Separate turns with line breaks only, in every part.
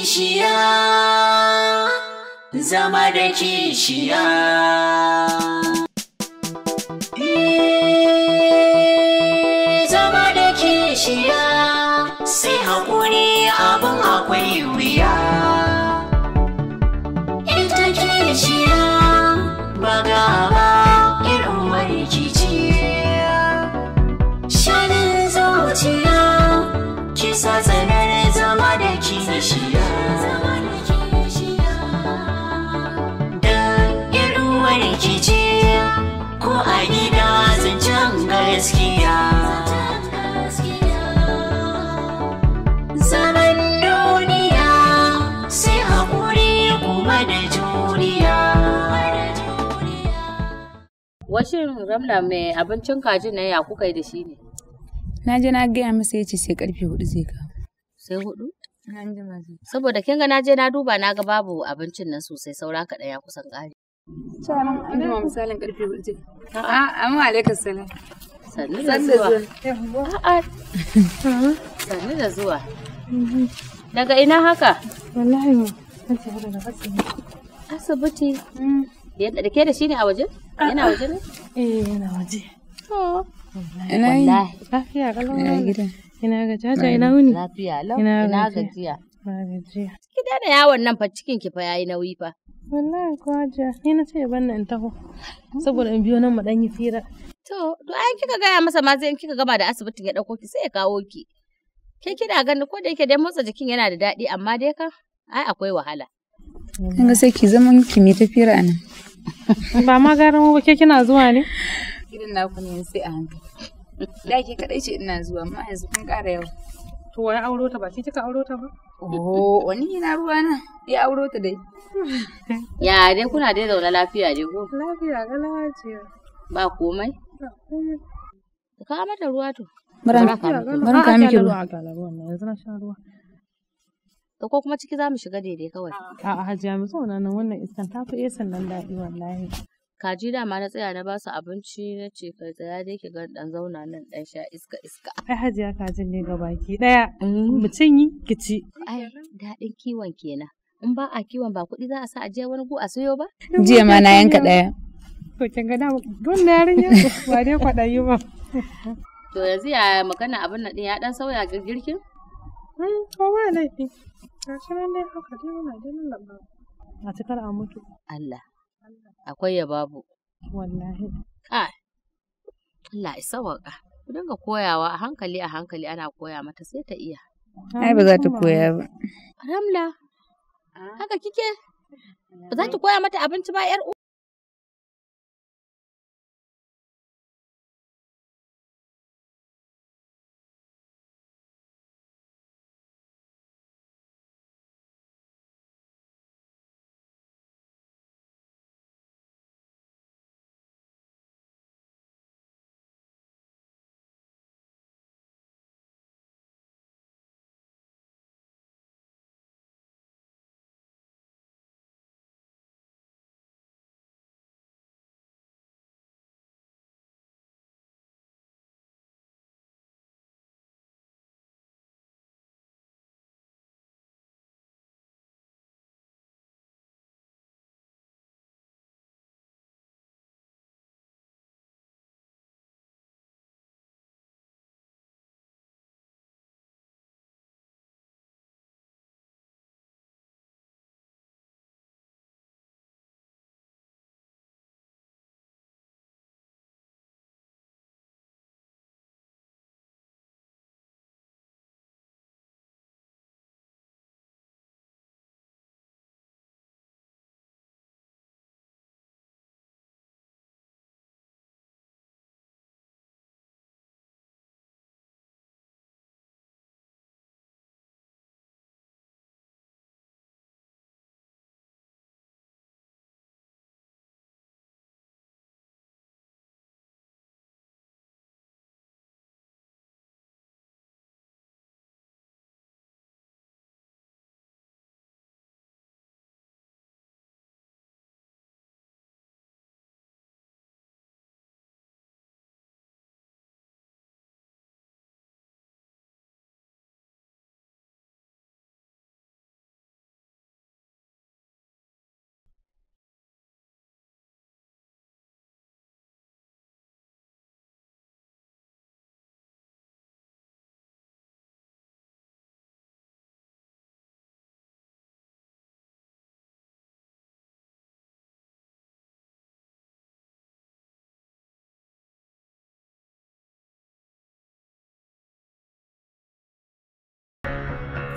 kishiya zama da kishiya eh, zama da kishiya Washin
ramla mai abincin kajin na ya kuka yi da shi ne?
Na je na gaya masa ya ce sai karfe
hudu zai ka. Sai hudu? Saboda kin ga na je na duba na ga babu abincin nan sosai saura kaɗan ya kusan ƙare. misalin karfe hudu. A'a, amma salam. da zuwa. A'a. da zuwa. Daga ina haka? Wallahi Asibiti. Mm. Da ke da shi ne a waje? Ah, yana ah. waje ne? Eh yana waje. Oh. Ina Wallahi. Lafiya
kalau. Ina gida.
Ina ga jaja ina wuni. Lafiya lau. Ina gajiya.
Ina gajiya.
Ki daina yawon nan fa cikin ki fa yayi nauyi fa.
Wallahi ko hajiya ni na ce ban nan taho. Saboda in biyo nan mu dan yi fira.
To, to ai kika gaya masa ma sai kika gama da asibitin ya dauko ki sai ya kawo ki. Ke kina ganin ko da yake dai motsa jikin yana da daɗi amma dai ka, ai akwai wahala.
Kin ga sai ki zama ki mi tafira nan. ba ma garin ba ke kina zuwa ne na ku ne sai a hankali da ke kadai ce ina zuwa amma yanzu kun ƙara yawa to wai auro ta ba ke kika auro ta ba oh wani na ruwa na ya auro ta dai
ya dai kuna dai zaune lafiya dai ko lafiya ga lafiya ba komai ka mata ruwa to Mara ka miki ruwa. Mara ka miki
ruwa.
da ko kuma ciki za mu shiga daidai kawai. A'a hajiya mu
zauna nan wannan iskan ta fi esan eh nan daɗi wallahi.
Kaji dama na tsaya na basu abinci na ce kai tsaya dai ki ga dan zauna nan dan sha iska iska.
Ai hajiya kajin ne ga baki daya mm. mu cinyi ki ci.
Ai daɗin kiwon kenan. In ba a kiwon ba kuɗi za a sa a je wani gu a sayo ba? Jiya ma na yanka ɗaya. To kin ga dama don na yarinya
ba dai kwaɗayi ba.
To yanzu ya magana abin nan ɗin ya ɗan sauya girgirkin? Kowa ne. Ga nan dai haka dai A cikar a mutu. Allah. Akwai ya babu. Wallahi. Kai. Allah isa waka. Ku dinga koyawa a hankali a hankali ana koya mata sai ta iya. Ai ba za ta koya ba. Ramla. Ah. Haka kike? Ba za ta koya mata abinci ba 'yar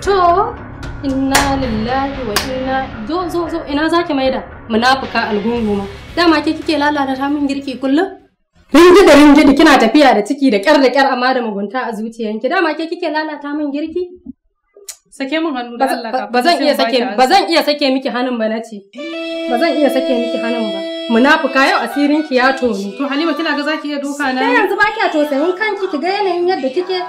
To, inna lillahi wa inna zo zo zo
ina zaki maida munafuka algunguma. Dama ke kike lalata ta min girki kullum? Rinji da rinji da kina tafiya da ciki da kyar da kyar amma da mugunta a zuciyanki. Dama ke kike lalata min girki? Sake min hannu da Allah ka. Ba zan iya sake ba zan iya sake miki hannun ba nace. Ba iya sake miki hannun ba. Munafuka yau asirin ki ya toni. To Halima kina ga zaki iya duka na. Sai yanzu ba kiya to sayin kanki ki ga yanayin yadda kike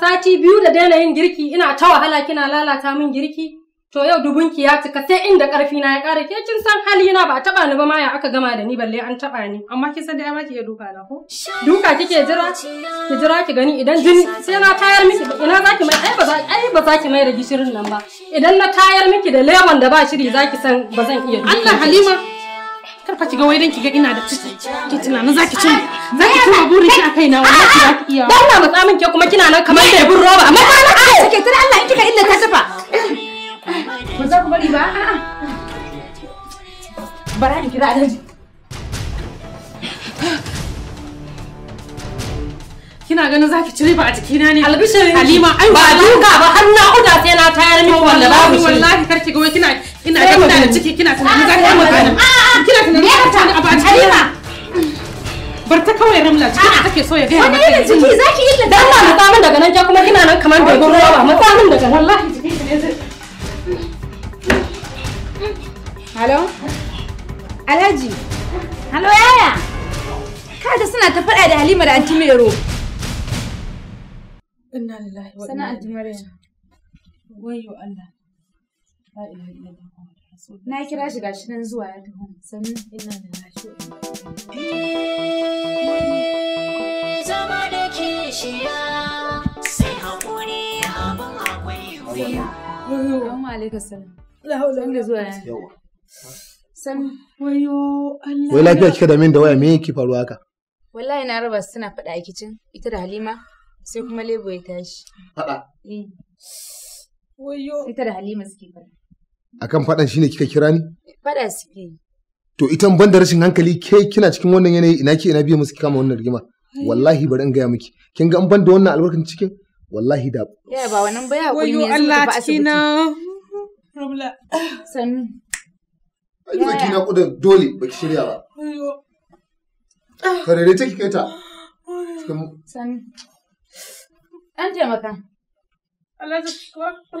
sati biyu da daina yin girki ina ta wahala kina lalata min girki to yau dubunki ya cika sai inda karfi na ya kare ke kin san hali na ba taba ni ba ma ya aka gama da ni balle an taba ni amma kin san dai ba ki iya duka na ko duka kike jira ki jira ki gani idan jin sai na tayar miki ina zaki mai ai ba za ai ba zaki mai da gishirin nan ba idan na tayar miki da lemon da ba shiri zaki san ba zan iya Allah Halima kar fa kiga wai dan kiga ina da ciki ki tunanin zaki cin
zaki cin burin shi a kaina wallahi ki zaki iya dan na matsa min ke kuma kina nan kamar da bin roba amma ba na kai kike tare Allah in kika illa ta tafa
ba za ku bari ba bara in kira alhaji kina ganin zaki ci riba a jikina ne albishirin halima ai ba duka ba har na uda sai na tayar miki wallahi wallahi karki ga wai kina kina da ciki kina tunanin zaki amma me ka a Halima bar ta kawai ramla ciki da take so ya gaya mata wani irin ciki zaki illa dan ma mata min daga nan ke kuma kina nan kamar dogon rawa mata min daga nan wallahi ciki ne zai Halo Alhaji Halo yaya Kada suna ta faɗa da Halima da Anti Mero Inna lillahi wa inna ilaihi raji'un Wayyo Allah La ilaha illallah Na kira shi gashi nan zuwa ya taho sannan ina da lafiya. Eh, zama da kishiya sai haƙuri abin akwai wuya. Assalamu alaikum salam. Lahaula wanda zuwa ya. Yawa. wayo Allah. Wai lafiya kika da min da waya me yake faruwa haka? Wallahi na raba suna fada a kicin ita da Halima sai kuma lebo ya tashi. Faɗa. Eh. Wayo. Ita da Halima suke faɗa. akan faɗan shine kika kira ni faɗa suke yi to ita ban da rashin hankali ke kina cikin wannan yanayi ina ke ina biya musu kama wannan rigima wallahi bari in gaya miki kin ga an ban da wannan albarkacin cikin wallahi da ya ba wannan ba ya hakuri ne Allah cikina rubla sanu ai ba kina kudin dole ba ki shirya ba karere take kaita. sanu an taimaka
Allah ya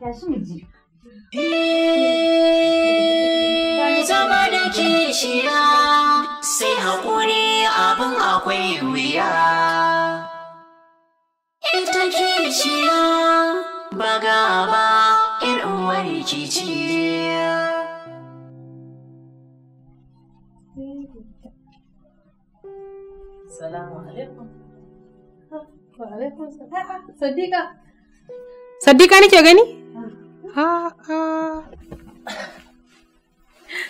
tashi mu ji.
Zama da sai
Sadiqa. nake gani?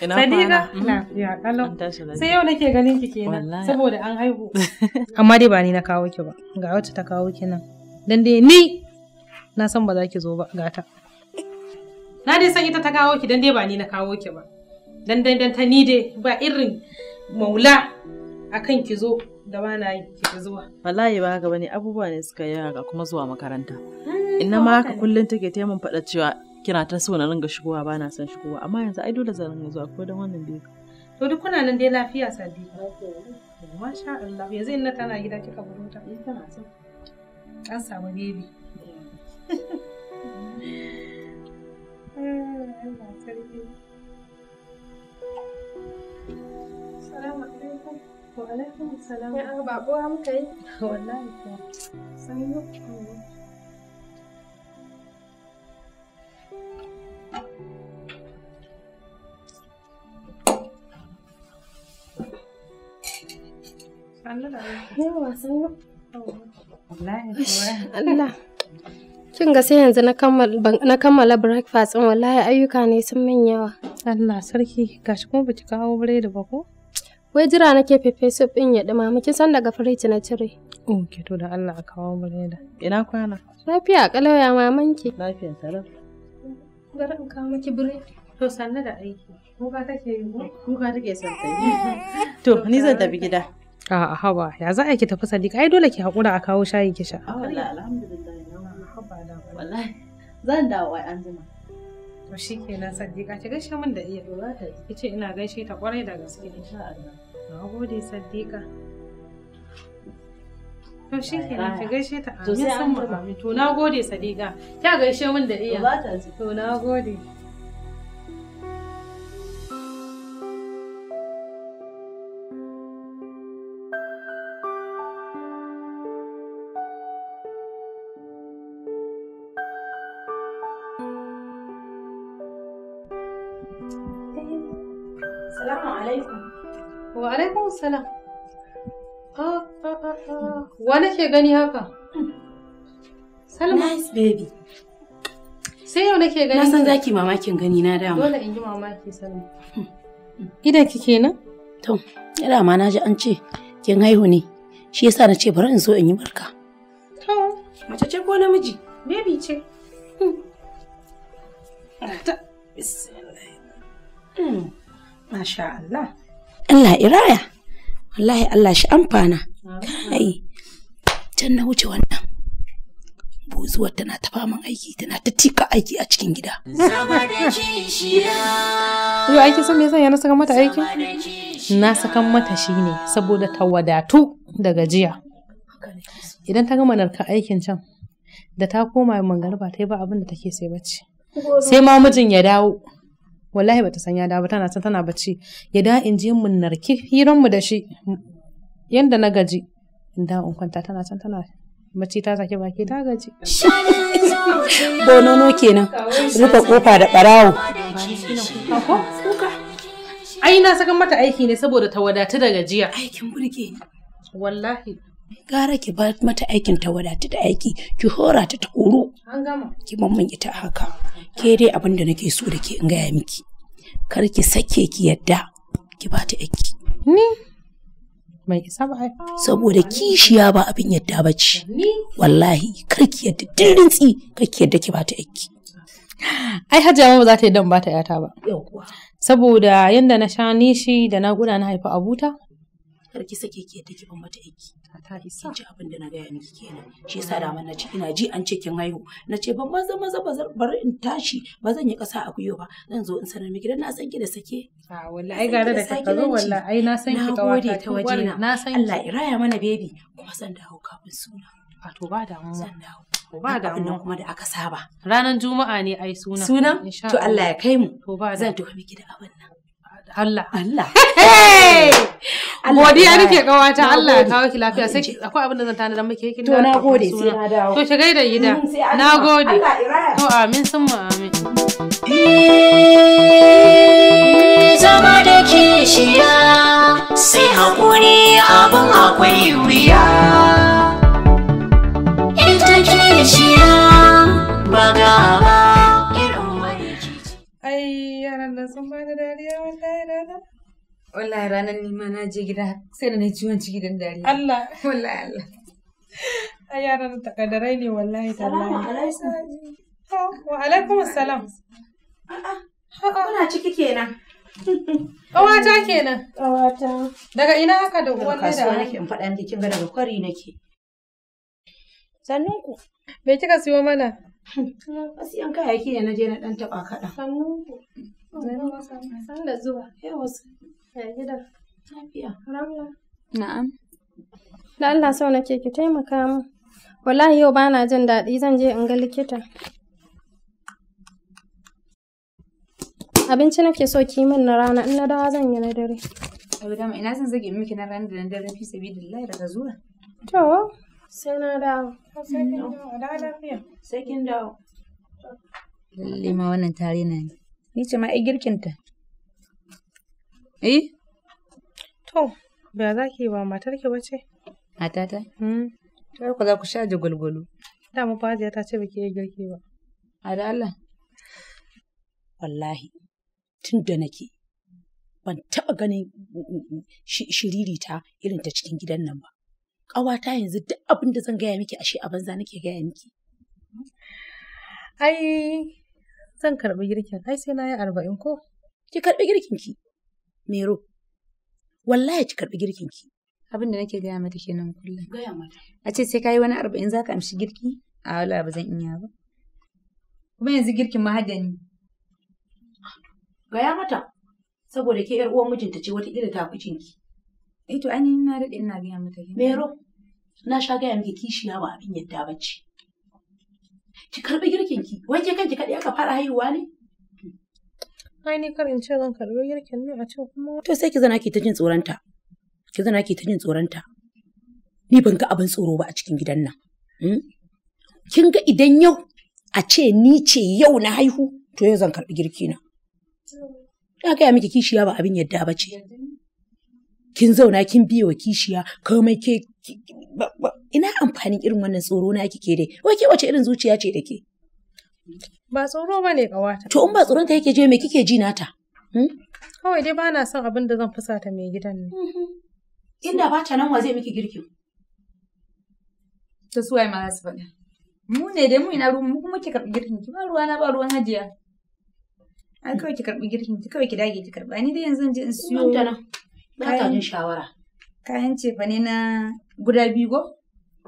Ina mhm. na Lafiya kalau. Sai yau nake ganin ki kenan saboda an haihu. Amma dai ba ni na kawo ki ba. Ga wacce ta kawo ki nan. Dan dai ni na san ba za ki zo ba gata. Na dai san ita ta kawo ki dan dai ba ni na kawo ki ba. Dan dai dan ta ni dai ba irin maula akan ki zo da ba na yi ki zuwa. Wallahi ba haka bane abubuwa ne suka yi ga kuma zuwa makaranta. Mm, Inna ma haka kullum take taimun faɗa cewa kira ta so na ringa shigowa ba na son shigowa amma yanzu ai dole zan ringa zuwa ko da wannan dai to duk kuna nan dai lafiya sadiqa masha Allah yanzu inna tana gida kika buruta eh tana so an samu baby Assalamu alaikum. Wa alaikum assalam. Ya ba ko an kai? Wallahi ko. Sai yau. Allah. Kin ga sai yanzu na kammala na kammala breakfast din wallahi ayyuka ne sun min yawa. Allah sarki gashi kuma baki kawo biredi ba ko? Wai jira nake fefe soup din ya dima kin san daga fridge na cire. Oh, ke to da Allah a kawo biredi. Ina kwana? Lafiya kalau ya mamanki. Lafiya sarar. bari in kawo maki bire To sanna da aiki. Kuka take yi ko? Kuka take son ta To ni zan tafi gida. a hawa ya za a ki tafi Sadiq ai dole ki hakura a kawo shayi ki sha. Ah, wallahi alhamdulillah haba da wallahi zan da wai an jima. To shikenan Sadiqa ki gaishe min da iya dora ta. ce ina gaishe ta kwarai da gaske insha Allah. Na gode Sadiqa. To shi kenan ki gaishe ta amin san mu to na gode Sadiqa. Kya gaishe min da iya. To na gode. Eh, salamu alaikum. Wa alaikum salam. Wa nake gani haka? Salma. Nice baby. Sai yau nake gani. Na san zaki mamakin gani na dama. Dole in yi mamaki Salma. Idan ki kenan? To, ina ma na ji an ce kin haihu ne. Shi yasa na ce bari in zo in yi barka. To, mace ce ko namiji? Baby ce. Hmm. Ta hmm. Masha Allah. Allah iraya. Wallahi Allah shi amfana. kai can na wuce wannan buzuwar tana ta faman aiki tana ta aiki a cikin gida yau aiki sun yana ya na saka mata aiki na sakan mata shi ne saboda ta wadatu da gajiya idan ta gama narka aikin can da ta koma mangarba ta yi ba abin da take sai bacci sai ma mijin ya dawo wallahi bata san ya dawo tana san tana bacci ya da in je mun narki hiranmu da shi yanda na gaji inda in kwanta tana can tana mace ta sake baki ta gaji bonono kenan rufe kofa da barawo ai na saka mata aiki ne saboda ta wadatu da gajiya aikin burge wallahi gara ki ba mata aikin ta wadatu da aiki ki hora ta ta koro an gama ki mamman ita haka ke dai abin da nake so da ke in gaya miki kar ki sake ki yadda ki ba ta aiki ni mai isa ba Saboda kishiya ba abin yadda ba ce. Wallahi karki ki yadda dirintsi kar ki yadda ki bata aiki. Ai Hajiya ba za ta yi dan ta yata ba. Saboda yadda na sha nishi da na guda na haifa abuta. Kar ki sake ki yadda ki ba mata aiki. ta isa ji abin da na gaya miki kenan shi yasa da na ci ina ji an ce kin haihu na ce ban maza maza bar in tashi ba zan yi kasa a kuyo ba zan zo in sanar miki dan na san ki da sake a wallahi ai gara da ka zo wallahi ai na san ki kawata ta wajena na san Allah raya mana baby kuma san dawo kafin suna a to ba da damuwa san dawo ba da nan kuma da aka saba ranar juma'a ne ai suna suna to Allah ya kai mu to ba zan tafi miki da abin nan Allah. Allah.
Godiya nake kawata Allah ya kawo
ki lafiya sai akwai abin da zan tana dan muke da. To na gode sai na dawo. To ki gaida mm, gida. Na gode.
To amin sun mu amin. Zama da kishiya sai hakuri abin akwai wuya. Ita kishiya ba gaba.
yaran nan sun bani dariya wallahi rana. Wallahi ranar ni ma na je gida sai da na ciwon ciki dan dariya. Allah. Wallahi Allah. A yaran takadarai ne wallahi tallahi. Salamu
alaikum.
Wa alaikum a'a Kuna ciki kenan. Ƙawata kenan. Ƙawata. Daga ina haka da uwan da kasuwa nake in faɗa miki kin ga daga kwari nake. Sannun Me kika siyo mana? Na siyan kayayyaki ne na je na ɗan taɓa kaɗan. sannunku. San da zuwa. Yawa Ya gida. Lafiya. Ramla. Na'am. Da Allah sau nake ki taimaka min. Wallahi yau ba na jin daɗi zan je in ga likita. Abinci nake so ki min na rana in na dawa zan yi na dare. Yau ina son zage miki na rana da na dare fi sabilillahi daga zuwa. To sai na dawo. Sai kin dawo. Da lafiya. Sai kin dawo. Lalle ma wannan tare na ne. Ni ce ma ai girkinta. Eh? To, ba za ki ba matar ki bace? Matata? Hmm. To ku za ku sha jagwalgwalo. Da mu fajiya ta ce ba ki girki ba. A da Allah. Wallahi, tun da nake ban taɓa ganin mm, mm, mm, ta irin ta cikin gidan nan ba. Ƙawata yanzu duk abin da zan gaya miki ashe a banza nake gaya miki. Ai, Zan karɓi girkin ai sai na yi arba'in ko? Ki karɓi girkin ki? Mero. Wallahi ki karɓi girkin Abin da nake gaya mata kenan kullum. Gaya mata. A ce sai ka yi wani arba'in za ka amshi girki? A wala ba zan iya ba. Kuma yanzu girkin mahadani. Gaya mata. Saboda ke ‘yar uwan mijinta ce wata iri ta ki eh ai to ainihin na daɗe ina gaya mata. Mero, na sha gaya miki kishiya ba abin yadda ba ce. ki karɓi girkin ki wanke kanki kaɗai aka fara haihuwa ne ai ni kar in ce zan karɓi girkin ne a ce kuma to sai ki zana ki ta jin tsoronta ki zana ki ta jin tsoronta ni ban ga abin tsoro ba a cikin gidan nan hmm? kin ga idan yau a ce ni ce yau na haihu to yau zan karɓi girki na ta gaya miki kishiya ba abin yadda ba ce kin zauna kin biye wa kishiya komai ke ina amfanin irin wannan tsoro na kike dai wai ke wace irin zuciya ce da ke ba tsoro ba ne kawata to in ba tsoron ka yake je me kike ji nata hmm? kawai dai ba na son abin da zan fusata mai gidan ne
mm-hmm. inda ba ta nan wa zai
miki girkin ta suwaye ma za su faɗa mu ne dai mu ina ruwan mu kuma ki karɓi girkin ki ba ruwa na ba ruwan hajiya ai kawai ki karɓi girkin ki kawai ki dage ki karɓa ni dai yanzu in je in siyo kayan shawara kayan cefa ne na guda biyu ko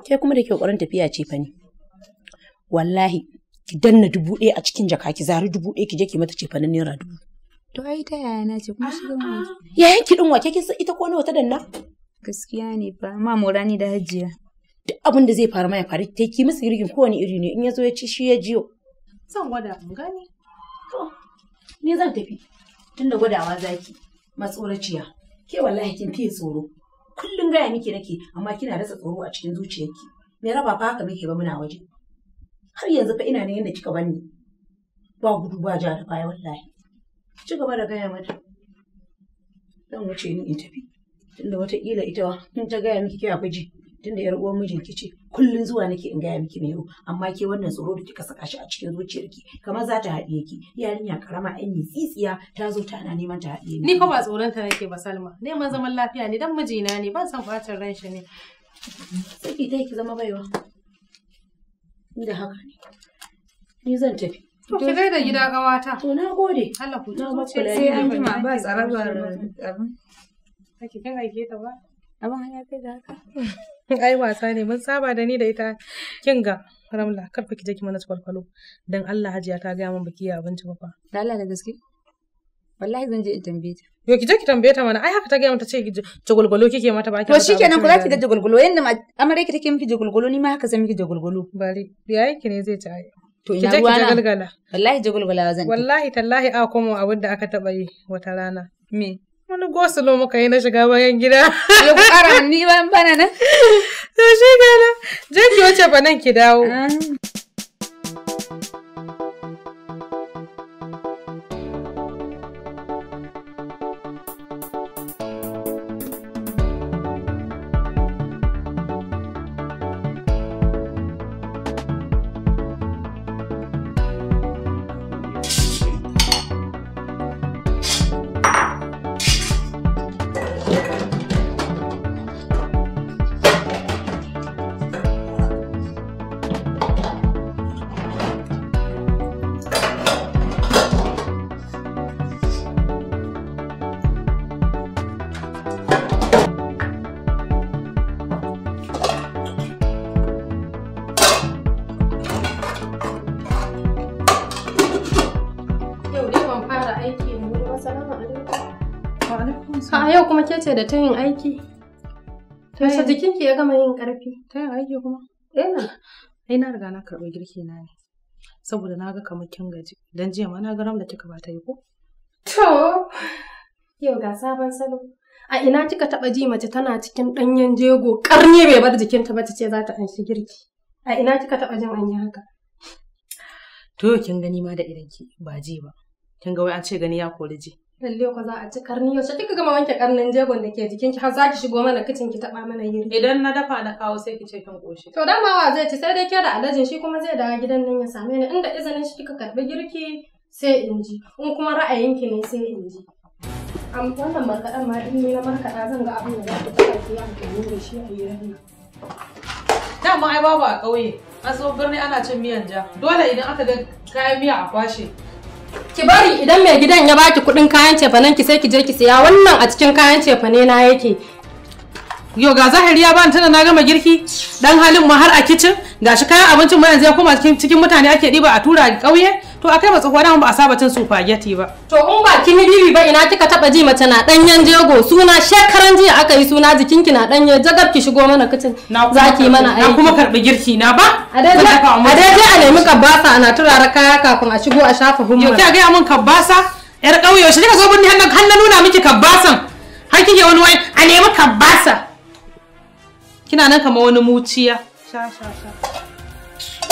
kai kuma da ke ƙoƙarin tafiya ce fa ne. Wallahi, ki danna dubu ɗaya a cikin jaka ki zari dubu ɗaya ki je ki mata cefa na naira dubu. To ai ta yaya na ce kuma shi ɗin wani Yayan ki ɗin wake kin san ita ko nawa ta danna? Gaskiya ne fa ma ni da hajiya. Duk abin da zai faru ma ya faru ta ki masa girgin kowane iri ne in ya zo ya ci shi ya jiyo. Zan gwada mun gani. To ni zan tafi tunda gwadawa zaki matsoraciya. Ke wallahi kin fiye tsoro. kullum gaya miki nake amma kina rasa tsoro a cikin zuciyarki me raba fa haka muke ba muna waje har yanzu fa ina ne yanda kika bani ba gudu ba ja da baya wallahi ci gaba da gaya mata zan wuce ni in tafi tunda wataƙila ita kin ta gaya miki kina fiji tunda yar uwar mijinki ce kullun zuwa nake in gaya miki mero amma ke wannan tsoro da kika saka shi a cikin zuciyarki kamar za ta haɗiye ki yarinya karama ɗan ne tsitsiya ta zo ta na neman ta haɗiye ni fa ba tsoron ta nake ba Salma neman zaman lafiya ne dan mijina ne ban san fatan ran shi ne saki dai ki zama baiwa inda haka ne ni zan tafi To ki da gida ƙawata. To na gode. Allah ku ta mace sai an ma ba tsarabar abin. Kake kin aike ta ba? Abin hanya kai da haka. ai wasa ne mun saba da ni da ita kin ga ramla kar fa ki je ki mana kwalkwalo dan Allah hajiya ta ga mun baki abinci ba fa Allah da gaske wallahi zan je in tambaye ta yo ki je ki tambaye ta mana ai haka ta ga ta ce jagulgulo kike mata ba ki to shikenan kula ki da jagulgulo yanda amare ki take miki jagulgulo ni ma haka zan miki jagulgulo bare yayin ki ne zai ci ai to ina ruwa na wallahi jagulgula zan wallahi tallahi a komo abin da aka taba yi wata rana me wani gosulo muka yi na shiga bayan gida. Ya ku ƙara hannu bayan bana nan. Ta shi gana. jan ki wace fa ki dawo. Ah. A yau kuma ke ce da ta yin aiki. jikin ki ya gama yin ƙarfi? Ta yin aiki kuma? Ina. Eh Ai na riga na karɓi girki na ne. Saboda na ga kamar kin gaji. Dan jiya ma na ga ram da kika ba ta yi ko? To. Yau ga sabon salo. A ina kika taɓa ji mace tana cikin ɗanyen jego ƙarni bai bar jikinta ba ta ce za ta anshi girki. A ina kika taɓa jin an yi haka? To kin gani ma da idanki ba ji ba. Kin ga wai an ce gani ya kori ji. Lalle ko za a ci karni yaushe kika gama wanke karnin jegon da ke jikinki har za ki shigo mana kicin ki taba mana yiri. Idan na dafa na kawo sai ki ce kin koshi. To dama wa zai ci sai dai ke da alajin shi kuma zai dawo gidan nan ya same ni inda izinin shi kika karbi girki sai in ji in kuma ra'ayinki ne sai in ji. Am wannan markaɗan ma in ni na markaɗa zan ga abin da za ku tsaka ki ya hankali da shi a gidan nan. Dama ai babu a ƙauye. An birni ana cin miyan ja. Dole idan aka ga kayan miya a kwashe. ki bari idan mai gidan ya baki kudin kayan cefanen ki sai ki je ki siya wannan a cikin kayan cefane na yake yo ga zahiri ya ba tana na gama girki dan halin mu har a kicin gashi kayan abincin mu yanzu ya koma cikin mutane ake diba a tura ƙauye To a kai ba tsohuwa dama ba a saba cin spaghetti ba. To in ba kin yi bibi ba ina kika taba ji mace na danyen jego suna shekaran jiya aka yi suna jikinki na danyen jagar ki shigo mana kicin zaki mana aiki. Na kuma karbi girki na ba? A daidai a nemi kabasa ana turara kaya kafin a shigo a shafa humma. Yau kika gaya mun kabasa? Yar ƙauye yaushe kika zo birni har na nuna miki kabasan. Har kike wani wai a nemi kabasa. Kina nan kamar wani muciya. Sha sha sha.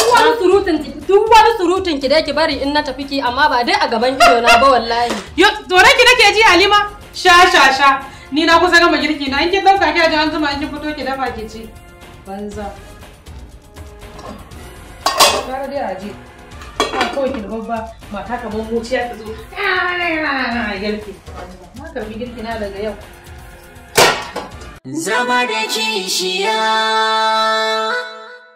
duk wani surutun ki dai ki bari in na tafi ki amma ba dai a gaban ido na ba wallahi yo tore ki nake ji Halima sha sha sha ni na kusa gama girki na in kin dauka ki aje an zuma in fito ki dafa ki ci banza dai aje kawai ki babba mata ta zo girki na karbi girki na daga yau
Zama da kishiya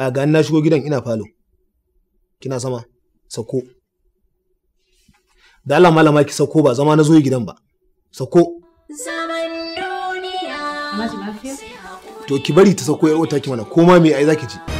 a ga na shigo gidan ina falo kina sama sako da Allah malama ki sako ba zama na zo gidan ba sako to ki bari ta sako ya wata ki mana koma me ai zaki ji